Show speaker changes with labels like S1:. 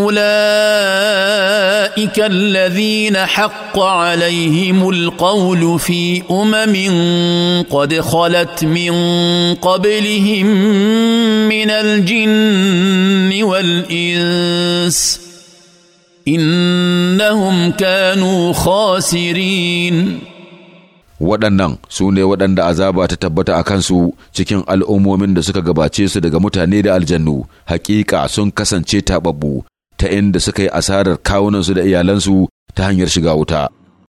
S1: اولئك الذين حق عليهم القول في امم قد خلت من قبلهم من الجن والانس انهم كانوا خاسرين
S2: waɗannan su ne waɗanda azaba ta tabbata a kansu cikin al'ummomin da suka gabace su daga mutane da aljannu hakika sun kasance taɓaɓɓu ta inda suka yi asarar kawunansu da iyalansu ta hanyar shiga wuta.